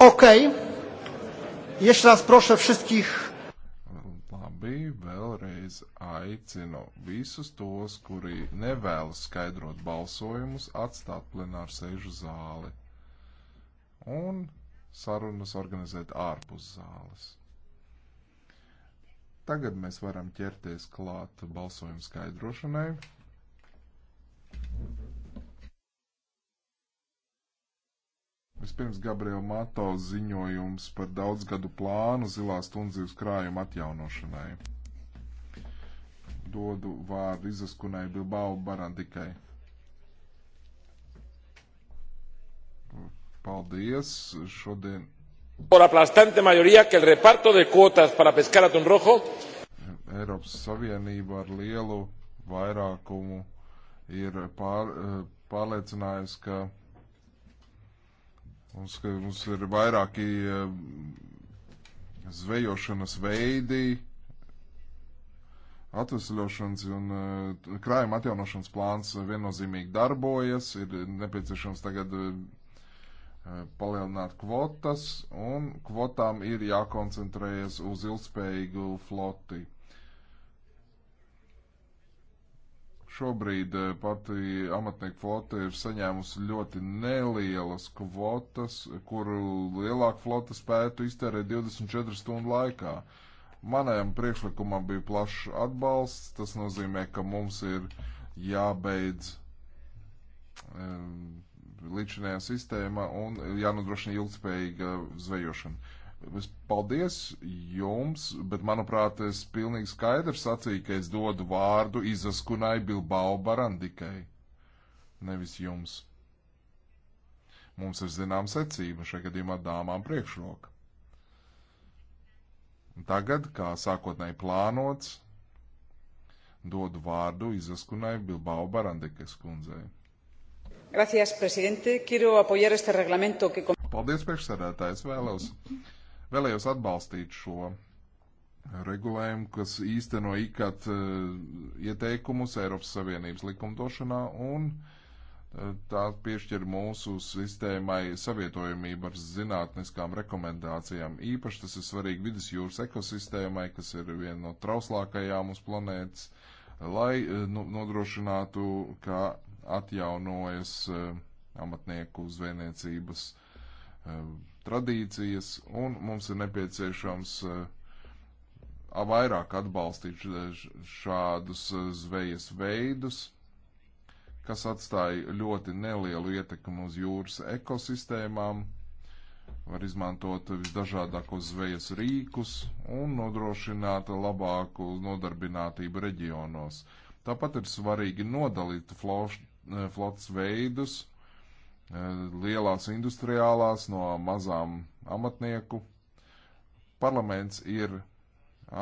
Okej. Okay. Jeszcze raz proszę wszystkich. Labi, vēlreiz aicinu visus tos, kuri nevēlas skaidrot balsojumus, atstāt plenāru sēžu zāli un sarunas organizēt ārpus zāles. Tagad mēs varam ķerties klāt balsojumu skaidrošanai. Vispirms Gabriela Mato ziņojums par daudzgadu plānu zilās tunzīves krājuma atjaunošanai. Dodu vārdu izaskunai Bilbao Barandikai. Paldies. Šodien. Por aplastante mayoría que el reparto de cuotas para pescar atún rojo. Eiropas Savienība ar lielu vairākumu ir pār, eh, pārliecinājusi, ka Mums, mums ir vairāki eh, zvejošanas veidi, atvesļošanas un eh, krājuma atjaunošanas plāns viennozīmīgi darbojas, ir nepieciešams tagad eh, palielināt kvotas, un kvotām ir jākoncentrējas uz ilgspējīgu floti. Šobrīd eh, pati amatnieku flote ir saņēmusi ļoti nelielas kvotas, kuru lielāka flota spētu iztērēt 24 stundu laikā. Manajam priekšlikumam bija plašs atbalsts, tas nozīmē, ka mums ir jābeidz um, eh, līdzinējā sistēma un jānodrošina ilgspējīga zvejošana. Es paldies jums, bet manuprāt, es pilnīgi skaidri sacīju, ka es dodu vārdu izaskunai Bilbao Barandikai, nevis jums. Mums ir zinām secība, šajā gadījumā dāmām priekšroka. Tagad, kā sākotnēji plānots, dodu vārdu izaskunai Bilbao Barandikas kundzei. Gracias, presidente. Quiero apoyar este reglamento que... Paldies, priekšsēdētājs, vēlos. Mm -hmm Vēlējos atbalstīt šo regulējumu, kas īsteno ikat e, ieteikumus Eiropas Savienības likumdošanā un e, tā piešķir mūsu sistēmai savietojamību ar zinātniskām rekomendācijām. Īpaši tas ir svarīgi vidus jūras ekosistēmai, kas ir viena no trauslākajām uz planētas, lai e, nu, nodrošinātu, ka atjaunojas amatnieku zvejniecības tradīcijas, un mums ir nepieciešams eh, vairāk atbalstīt šādus eh, zvejas veidus, kas atstāja ļoti nelielu ietekmu uz jūras ekosistēmām, var izmantot visdažādākos zvejas rīkus un nodrošināt labāku nodarbinātību reģionos. Tāpat ir svarīgi nodalīt floš, eh, flots veidus Eh, lielās industriālās, no mazām amatnieku. Parlaments ir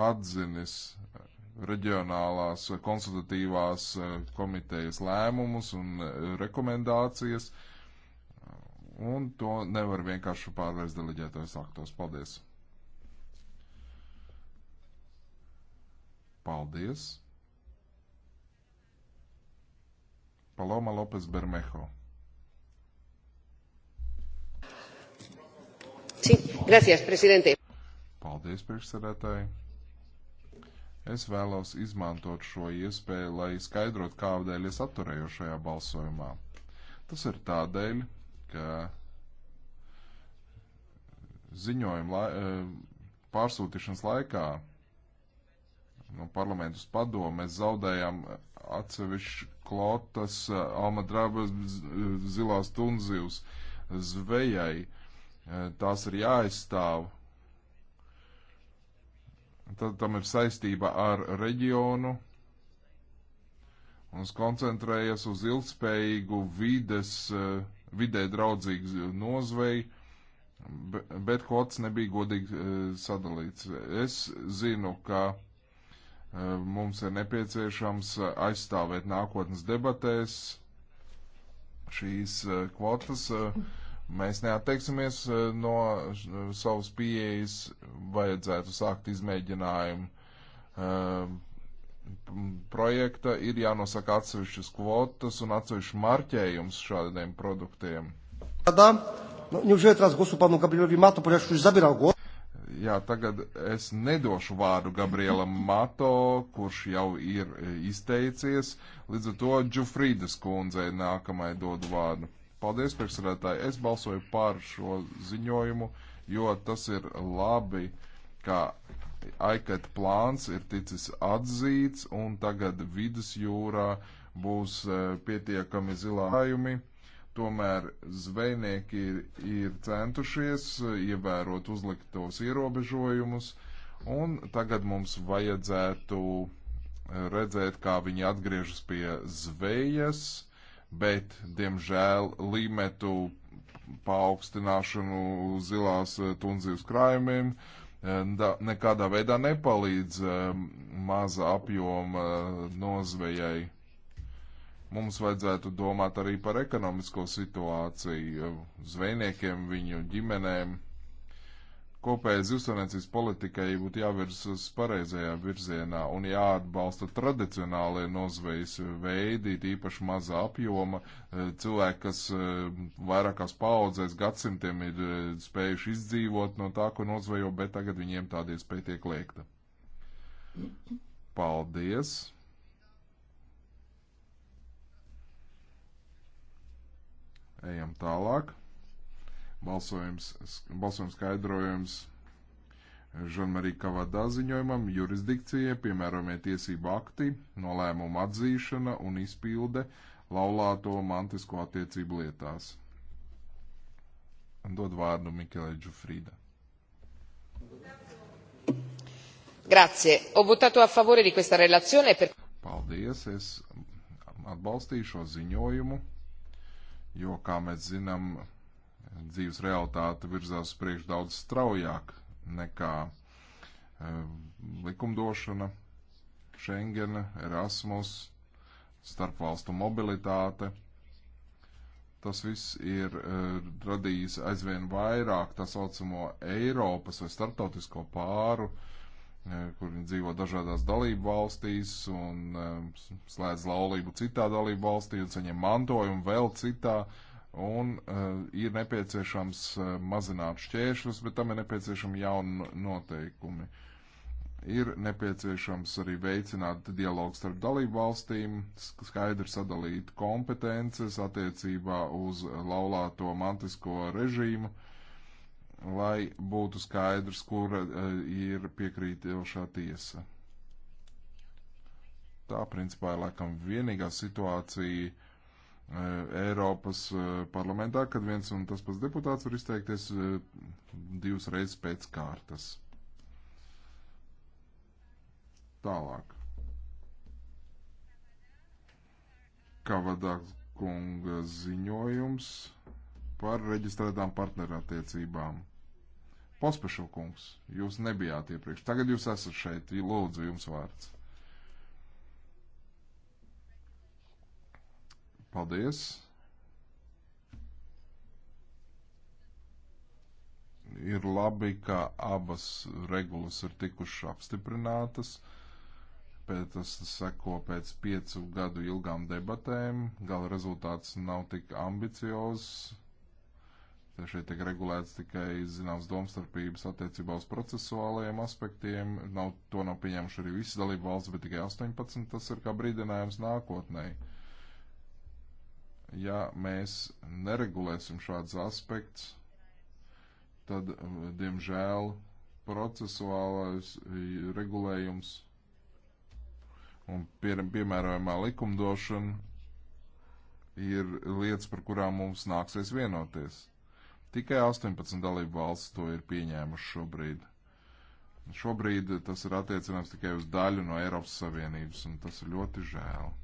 atzinis reģionālās eh, konsultatīvās eh, komitejas lēmumus un rekomendācijas, un to nevar vienkārši pārvērst deleģētos aktos. Paldies! Paldies! Paloma Lopes Bermejo. Sí, gracias, prezidente. Paldies, priekšsēdētāji. Es vēlos izmantot šo iespēju, lai skaidrotu, kādēļ es atturējos šajā balsojumā. Tas ir tādēļ, ka ziņojuma lai, eh, pārsūtīšanas laikā no parlamentu uz padomu mēs zaudējām atsevišķu klotas eh, Almadrabas zilās tunzīvas zvejai Tās ir jāaizstāv. Tad tam ir saistība ar reģionu un koncentrējas uz ilgspējīgu vides, vidē draudzīgu nozveju, bet kvots nebija godīgi sadalīts. Es zinu, ka mums ir nepieciešams aizstāvēt nākotnes debatēs šīs kvotas. Uh, Mēs neatteiksimies e, no e, savas pieejas, vajadzētu sākt izmēģinājumu e, projekta, ir jānosaka atsevišķas kvotas un atsevišķi marķējums šādiem produktiem. Tādā, nu, nu, Jā, tagad es nedošu vārdu Gabrielam Mato, kurš jau ir izteicies. Līdz ar to Džufrīdas kundzei nākamai dodu vārdu. Paldies, priekšsēdētāji. Es balsoju par šo ziņojumu, jo tas ir labi, ka AIKAT plāns ir ticis atzīts un tagad vidus jūrā būs e, pietiekami zilājumi. Tomēr zvejnieki ir, ir centušies ievērot uzliktos ierobežojumus, un tagad mums vajadzētu redzēt, kā viņi atgriežas pie zvejas bet, diemžēl, līmetu paaugstināšanu zilās eh, tunzīves krājumiem eh, nekādā veidā nepalīdz eh, maza apjoma nozvejai. Mums vajadzētu domāt arī par ekonomisko situāciju zvejniekiem, viņu ģimenēm kopējai zivsaimniecības politikai būtu jāvirzas uz pareizajā virzienā un jāatbalsta tradicionālie nozvejas veidi, īpaši maza apjoma. Eh, cilvēki, kas eh, vairākās paudzēs gadsimtiem ir eh, spējuši izdzīvot no tā, ko nozvejo, bet tagad viņiem tāda iespēja tiek liekta. Paldies! Ejam tālāk balsojums, balsojums skaidrojums Žanmarī Kavadā ziņojumam, jurisdikcija, piemērojumie tiesību akti, nolēmumu atzīšana un izpilde laulāto mantisko attiecību lietās. Dod vārdu Mikelē Džufrīda. Grazie. Ho votato a favore di questa relazione per... Paldies, es atbalstīšu ziņojumu, jo, kā mēs zinām, dzīves realitāte virzās priekš daudz straujāk nekā eh, likumdošana, Schengena, Erasmus, starpvalstu mobilitāte. Tas viss ir uh, radījis aizvien vairāk tā saucamo Eiropas vai starptautisko pāru, uh, kur viņi dzīvo dažādās dalību valstīs un uh, slēdz laulību citā dalību valstī un saņem mantojumu vēl citā uh, un uh, ir nepieciešams uh, mazināt šķēršļus, bet tam ir nepieciešami jauni noteikumi. Ir nepieciešams arī veicināt dialogu starp dalību valstīm, skaidri sadalīt kompetences attiecībā uz laulāto mantisko režīmu, lai būtu skaidrs, kura uh, eh, ir piekrītošā tiesa. Tā, principā, ir laikam vienīgā situācija, uh, E, Eiropas e, parlamentā, kad viens un tas pats deputāts var izteikties e, divas reizes pēc kārtas. Tālāk. Kavadā kunga ziņojums par reģistrētām partnerattiecībām. Pospešu kungs, jūs nebijāt iepriekš. Tagad jūs esat šeit. Lūdzu, jums vārds. Paldies! Ir labi, ka abas regulas ir tikušas apstiprinātas pēc, tas seko pēc piecu gadu ilgām debatēm. Gala rezultāts nav tik ambiciozs. Te šeit tiek regulēts tikai zināms domstarpības attiecībā uz procesuālajiem aspektiem. Nav, to nav pieņemši arī visi dalību valsts, bet tikai 18 tas ir kā brīdinājums nākotnēji ja mēs neregulēsim šādus aspektus, tad, um, diemžēl, procesuālais regulējums un piemērojamā likumdošana ir lietas, par kurām mums nāksies vienoties. Tikai 18 dalību valsts to ir pieņēmuši šobrīd. Šobrīd tas ir attiecināms tikai uz daļu no Eiropas Savienības, un tas ir ļoti žēl.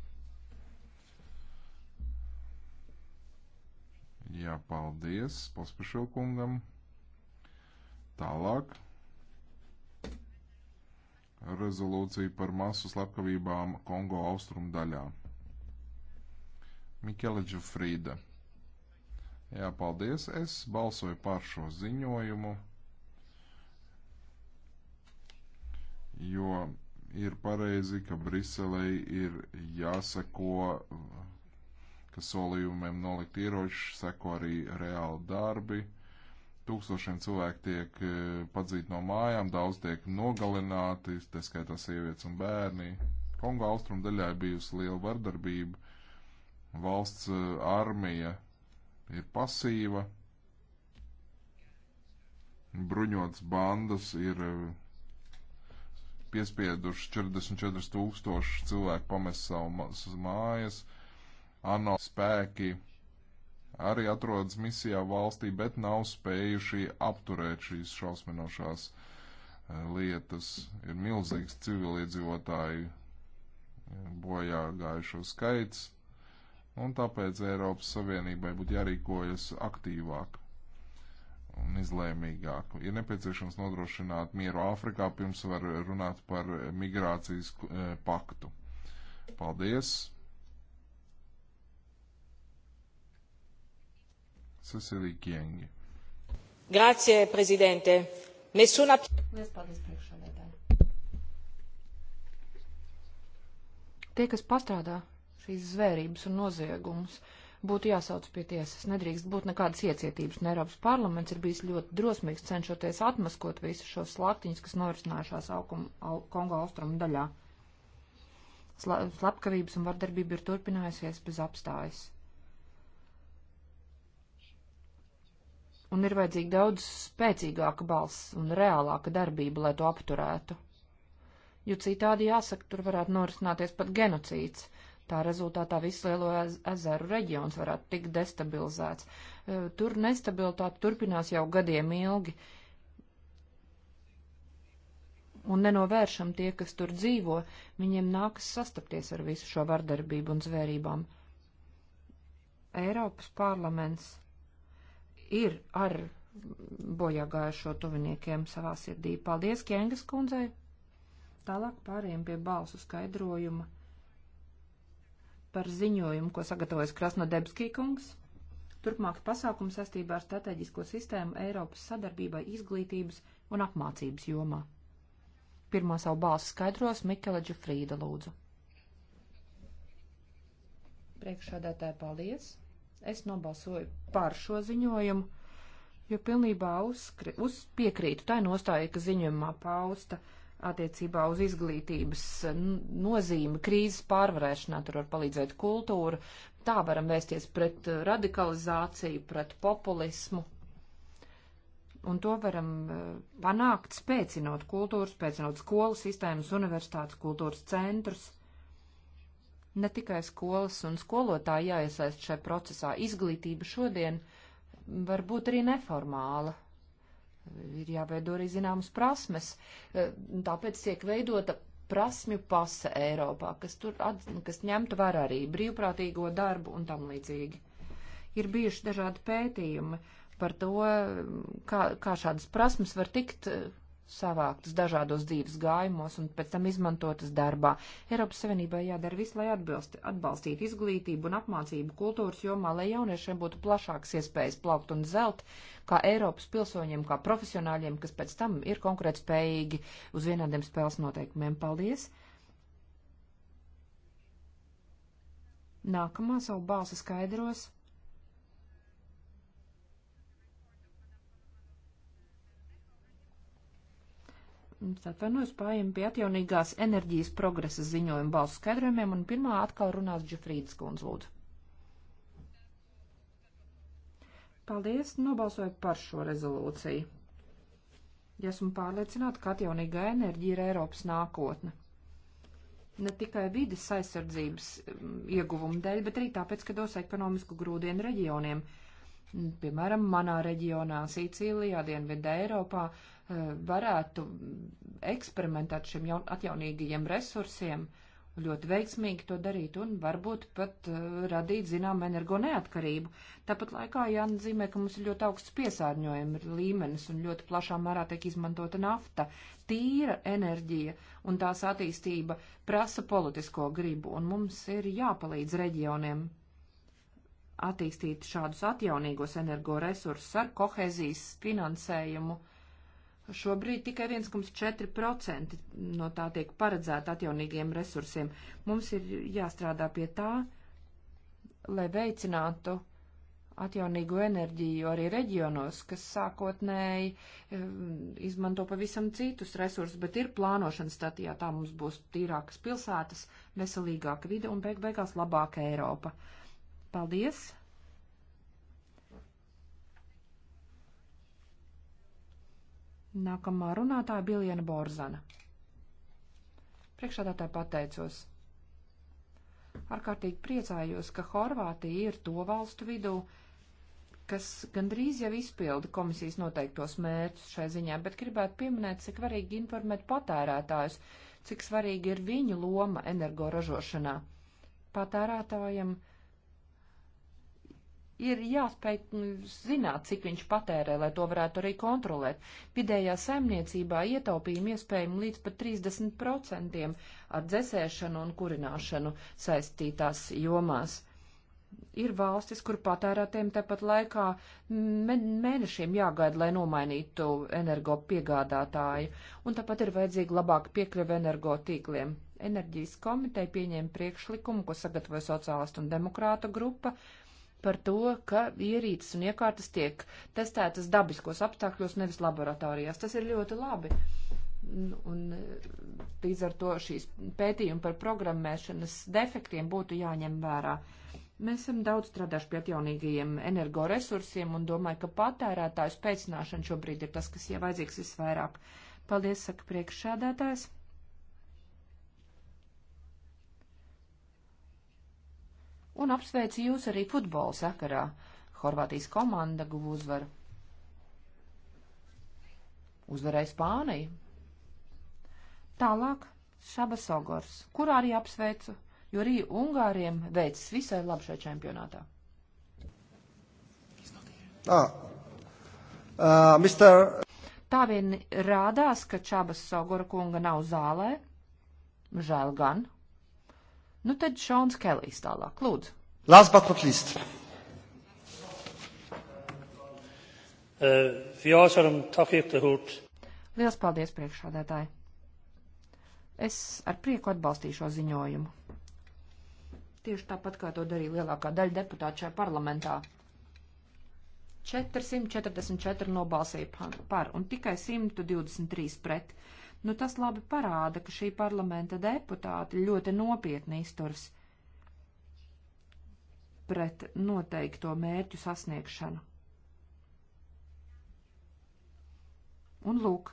Jā, paldies Pospešilkungam. Tālāk. Rezolūcija par masu slepkavībām Kongo austrumu daļā. Mikeleģu Frīda. Jā, paldies. Es balsoju par šo ziņojumu, jo ir pareizi, ka Briselei ir jāseko ka solījumiem nolikt ieroči, seko arī reāli darbi. Tūkstošiem cilvēku tiek e, padzīti no mājām, daudz tiek nogalināti, tā skaitā sievietes un bērni. Kongo austrumu daļā ir bijusi liela vardarbība, valsts e, armija ir pasīva, bruņots bandas ir e, piespieduši 44 tūkstoši cilvēku pamest savu mājas. ANO spēki arī atrodas misijā valstī, bet nav spējuši apturēt šīs šausminošās eh, lietas. Ir milzīgs civiliedzīvotāju eh, bojā gājušo skaits, un tāpēc Eiropas Savienībai būtu jārīkojas aktīvāk un izlēmīgāk. Ir nepieciešams nodrošināt mieru Āfrikā, pirms var runāt par migrācijas eh, paktu. Paldies! Cecilija Kiengi. Grācie, prezidente. Nesuna... Lies paldies priekšsēdētāji. Tie, kas pastrādā šīs zvērības un noziegumus, būtu jāsauc pie tiesas. Nedrīkst būt nekādas iecietības, un Eiropas parlaments ir bijis ļoti drosmīgs cenšoties atmaskot visus šos slaktiņus, kas norisinājušās auguma, au, Kongo austrumu daļā. Sla, slepkavības un vardarbība ir turpinājusies bez apstājas. un ir vajadzīga daudz spēcīgāka balss un reālāka darbība, lai to apturētu. Jo citādi jāsaka, tur varētu norisināties pat genocīds. Tā rezultātā visu lielo ezeru reģions varētu tikt destabilizēts. E, tur nestabilitāte turpinās jau gadiem ilgi. Un nenovēršam tie, kas tur dzīvo, viņiem nākas sastapties ar visu šo vardarbību un zvērībām. Eiropas parlaments ir ar bojāgājušo tuviniekiem savā sirdī. Paldies Kjēngas kundzei! Tālāk pāriem pie balsu skaidrojuma par ziņojumu, ko sagatavojas Krasnodebskī kungs. Turpmāks pasākums saistībā ar strateģisko sistēmu Eiropas sadarbībai izglītības un apmācības jomā. Pirmo savu balsu skaidros Mikela Džufrīda lūdzu. Priekšādātāji, paldies! Es nobalsoju par šo ziņojumu, jo pilnībā uzskri, uz piekrītu tai nostāja, ka ziņojumā pausta attiecībā uz izglītības nozīmi krīzes pārvarēšanā, tur var palīdzēt kultūra, tā varam vēsties pret uh, radikalizāciju, pret populismu. Un to varam uh, panākt, spēcinot kultūru, spēcinot skolu sistēmas, universitātes, kultūras centrus. Ne tikai skolas un skolotāji jāiesaist šajā procesā. Izglītība šodien var būt arī neformāla. Ir jāveido arī zināmas prasmes. E, tāpēc tiek veidota prasmju pase Eiropā, kas, tur, kas ņemtu vērā arī brīvprātīgo darbu un tam līdzīgi. Ir bijuši dažādi pētījumi par to, kā, kā šādas prasmes var tikt e, savāktas dažādos dzīves gājumos un pēc tam izmantotas darbā. Eiropas Savienībai jādara viss, lai atbilst, atbalstītu izglītību un apmācību kultūras jomā, lai jauniešiem būtu plašāks iespējas plaukt un zelt, kā Eiropas pilsoņiem, kā profesionāļiem, kas pēc tam ir konkurētspējīgi uz vienādiem spēles noteikumiem. Paldies! Nākamā savu balsi skaidros Atvainojos, pārējiem pie atjaunīgās enerģijas progresa ziņojuma balsu skaidrojumiem, un pirmā atkal runās Džefrīdas kundz lūdzu. Paldies, nobalsoju par šo rezolūciju. Ja esmu pārliecināta, ka atjaunīgā enerģija ir Eiropas nākotne. Ne tikai vides aizsardzības mm, ieguvuma dēļ, bet arī tāpēc, ka dos ekonomisku grūdienu reģioniem Mm, piemēram, manā reģionā, Sīcīlijā, Dienvidē Eiropā, eh, varētu eksperimentēt šiem jaun, atjaunīgajiem resursiem, ļoti veiksmīgi to darīt un varbūt pat eh, radīt zinām energo neatkarību. Tāpat laikā jāatzīmē, ka mums ir ļoti augsts piesārņojuma līmenis un ļoti plašā mērā tiek izmantota nafta, tīra enerģija un tās attīstība prasa politisko gribu un mums ir jāpalīdz reģioniem attīstīt šādus atjaunīgos energoresursus ar kohēzijas finansējumu. Šobrīd tikai 1,4% no tā tiek paredzēta atjaunīgiem resursiem. Mums ir jāstrādā pie tā, lai veicinātu atjaunīgo enerģiju arī reģionos, kas sākotnēji eh, izmanto pavisam citus resursus, bet ir plānošanas stadijā. Tā mums būs tīrākas pilsētas, veselīgāka vide un beig beigās labāka Eiropa. Uh, Paldies! Nākamā runātāja Biljana Borzana. Priekšādātāji pateicos. Ārkārtīgi priecājos, ka Horvātija ir to valstu vidū, kas gandrīz jau izpilda komisijas noteiktos mērķus šai ziņā, bet gribētu pieminēt, cik svarīgi informēt patērētājus, cik svarīgi ir viņu loma energoražošanā. Patērētājiem. Patērētājiem ir jāspēj nu, zināt, cik viņš patērē, lai to varētu arī kontrolēt. Vidējā saimniecībā ietaupījumi iespējami līdz pat 30% ar dzesēšanu un kurināšanu saistītās jomās. Ir valstis, kur patērētiem tepat laikā mēnešiem jāgaida, lai nomainītu energo piegādātāju, un tāpat ir vajadzīga labāka piekļuva energo tīkliem. Enerģijas komiteja pieņēma priekšlikumu, ko sagatavoja sociālistu un demokrātu grupa, uh, par to, ka ierīces un iekārtas tiek testētas dabiskos apstākļos, nevis laboratorijās. Tas ir ļoti labi. Un e, līdz ar to šīs pētījumi par programmēšanas defektiem būtu jāņem vērā. Mēs esam daudz strādājuši pie atjaunīgajiem energoresursiem un domāju, ka patērētāju spēcināšana šobrīd ir tas, kas jau vajadzīgs visvairāk. Paldies, saka priekšsēdētājs. un apsveicu jūs arī futbola sakarā. Horvātijas komanda guva uzvaru. Uzvarēja Spānija. Tālāk Šabasogors, kurā arī apsveicu, jo arī Ungāriem veicis visai labi šajā čempionātā. Ah. Uh, mister... Tā vien rādās, ka Čabas Sogora kunga nav zālē. Žēl gan, Nu tad Šons Kelijs tālāk, lūdzu. Last but not least. Eh, Liels paldies, priekšādētāji! Es ar prieku atbalstīšu šo ziņojumu. Tieši tāpat, kā to darīja lielākā daļa deputātu šajā parlamentā. 444 nobalsīja par un tikai 123 pret nu tas labi parāda, ka šī parlamenta deputāti ļoti nopietni izturs pret noteikto mērķu sasniegšanu. Un lūk,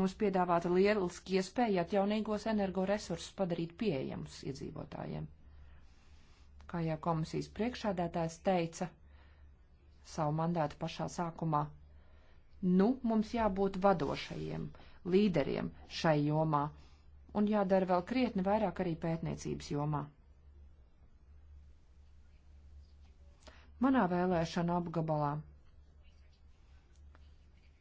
mums piedāvāta lieliski iespēja atjaunīgos energoresursus padarīt pieejamus iedzīvotājiem. Kā jau komisijas priekšādātājs teica savu mandātu pašā sākumā, nu mums jābūt vadošajiem līderiem šai jomā, un jādara vēl krietni vairāk arī pētniecības jomā. Manā vēlēšana apgabalā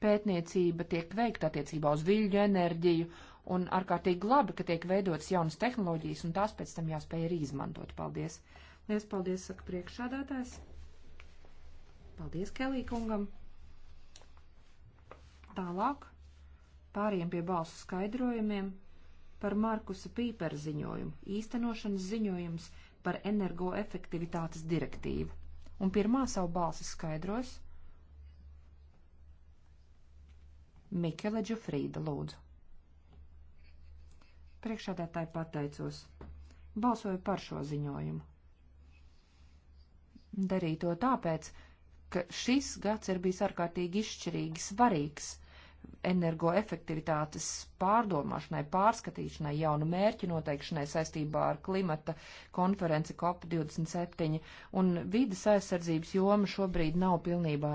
pētniecība tiek veikta attiecībā uz viļņu enerģiju, un ārkārtīgi labi, ka tiek veidotas jaunas tehnoloģijas, un tās pēc tam jāspēj arī izmantot. Paldies! Liels paldies, saka priekšādātājs! Paldies Kelī kungam! Tālāk Pāriem pie balsu skaidrojumiem par Markusa Pīpera ziņojumu, īstenošanas ziņojums par energoefektivitātes direktīvu. Un pirmā savu balsi skaidros Mikele Džufrīda lūdzu. Priekšādētāji pateicos. Balsoju par šo ziņojumu. Darīju to tāpēc, ka šis gads ir bijis ārkārtīgi izšķirīgi svarīgs energoefektivitātes pārdomāšanai, pārskatīšanai, jaunu mērķu noteikšanai saistībā ar klimata konferenci COP27 un vidas aizsardzības joma šobrīd nav pilnībā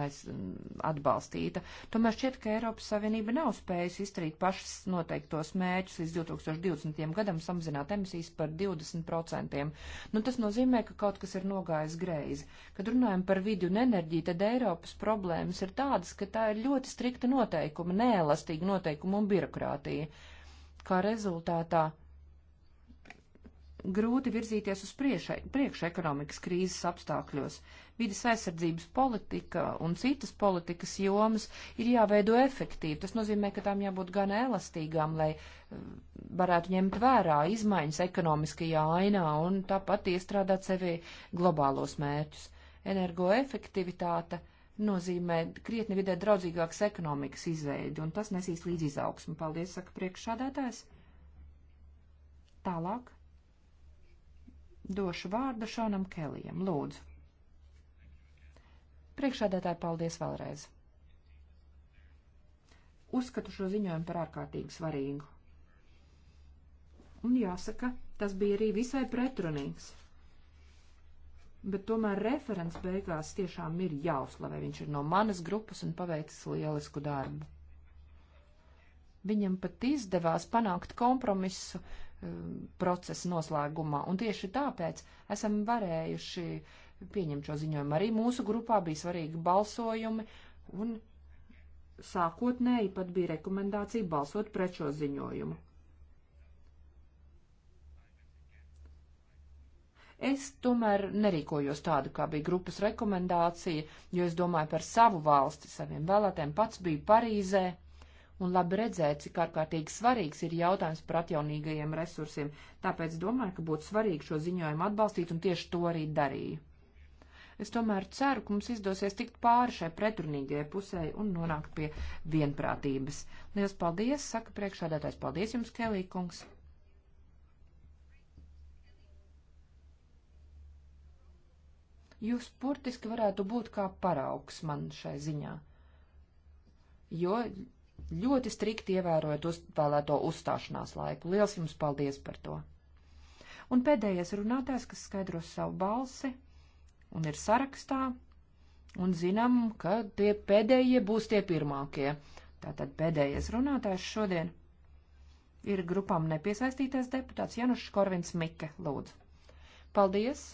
atbalstīta. Tomēr šķiet, ka Eiropas Savienība nav spējusi izdarīt pašas noteiktos mērķus līdz 2020. gadam samazināt emisijas par 20%. Nu, tas nozīmē, ka kaut kas ir nogājis greizi. Kad runājam par vidi un enerģiju, tad Eiropas problēmas ir tādas, ka tā ir ļoti strikta noteikuma neelastīga noteikuma un birokrātija. Kā rezultātā grūti virzīties uz priekšu ekonomikas krīzes apstākļos. Vides aizsardzības politika un citas politikas jomas ir jāveido efektīvi. Tas nozīmē, ka tām jābūt gan elastīgām, lai eh, varētu ņemt vērā izmaiņas ekonomiskajā ainā un tāpat iestrādāt sevi globālos mērķus. Energoefektivitāte nozīmē krietni vidē draudzīgākas ekonomikas izveidi, un tas nesīs līdz izaugsmu. Paldies, saka priekšsādātājs. Tālāk došu vārdu Šonam Kelijam. Lūdzu. Priekšsādātāji, paldies vēlreiz. Uzskatu šo ziņojumu par ārkārtīgi svarīgu. Un jāsaka, tas bija arī visai pretrunīgs bet tomēr referents beigās tiešām ir jāuzslavē. Viņš ir no manas grupas un paveicis lielisku darbu. Viņam pat izdevās panākt kompromisu um, procesa noslēgumā, un tieši tāpēc esam varējuši pieņemt šo ziņojumu. Arī mūsu grupā bija svarīgi balsojumi, un sākotnēji pat bija rekomendācija balsot pret šo ziņojumu. Es tomēr nerīkojos tādu, kā bija grupas rekomendācija, jo es domāju par savu valsti, saviem vēlētēm. Pats biju Parīzē un labi redzēju, cik ārkārtīgi svarīgs ir jautājums par atjaunīgajiem resursiem. Tāpēc domāju, ka būtu svarīgi šo ziņojumu atbalstīt un tieši to arī darīju. Es tomēr ceru, ka mums izdosies tikt pāri šai pretrunīgajai pusē un nonākt pie vienprātības. Lielas paldies, saka priekšādātājs. Paldies jums, Kelī kungs! Jūs burtiski varētu būt kā paraugs man šai ziņā, jo ļoti strikti ievērojat uzvēlēto uzstāšanās laiku. Liels jums paldies par to! Un pēdējais runātājs, kas skaidros savu balsi un ir sarakstā, un zinām, ka tie pēdējie būs tie pirmākie. Tātad pēdējais runātājs šodien ir grupām nepiesaistītais deputāts Janušs Korvins Mike. Lūdzu. Paldies!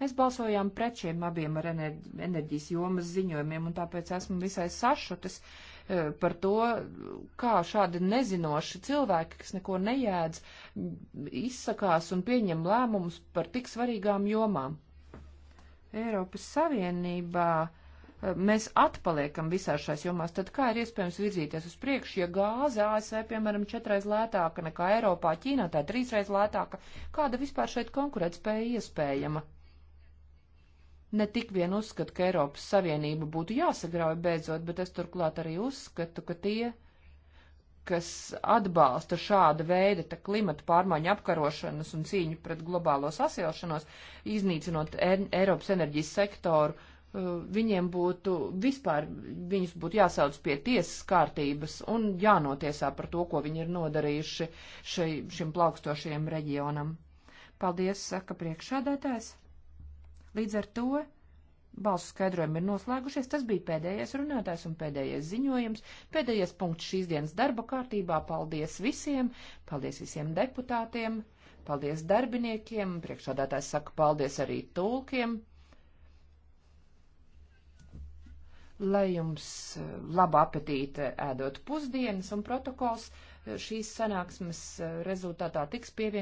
Mēs balsojām pret šiem abiem ar enerģijas jomas ziņojumiem, un tāpēc esmu visai sašutis e, par to, kā šādi nezinoši cilvēki, kas neko nejēdz, izsakās un pieņem lēmumus par tik svarīgām jomām. Eiropas Savienībā e, mēs atpaliekam visās šās jomās, tad kā ir iespējams virzīties uz priekšu, ja gāze ASV, piemēram, četreiz lētāka nekā Eiropā, Ķīnā tā trīsreiz lētāka, kāda vispār šeit konkurētspēja iespējama? ne tik vien uzskatu, ka Eiropas Savienība būtu jāsagrauj beidzot, bet es turklāt arī uzskatu, ka tie, kas atbalsta šāda veida klimata pārmaiņu apkarošanas un cīņu pret globālo sasilšanos, iznīcinot er Eiropas enerģijas sektoru, uh, viņiem būtu vispār, viņus būtu jāsauc pie tiesas kārtības un jānotiesā par to, ko viņi ir nodarījuši šai, šim plaukstošajam reģionam. Paldies, saka priekšādātājs. Līdz ar to balsu skaidrojumi ir noslēgušies. Tas bija pēdējais runātājs un pēdējais ziņojums, pēdējais punkts šīs dienas darba kārtībā. Paldies visiem, paldies visiem deputātiem, paldies darbiniekiem, priekšādātājs saka paldies arī tulkiem. Lai jums eh, laba apetīte ēdot pusdienas un protokols eh, šīs sanāksmes eh, rezultātā tiks pievienots.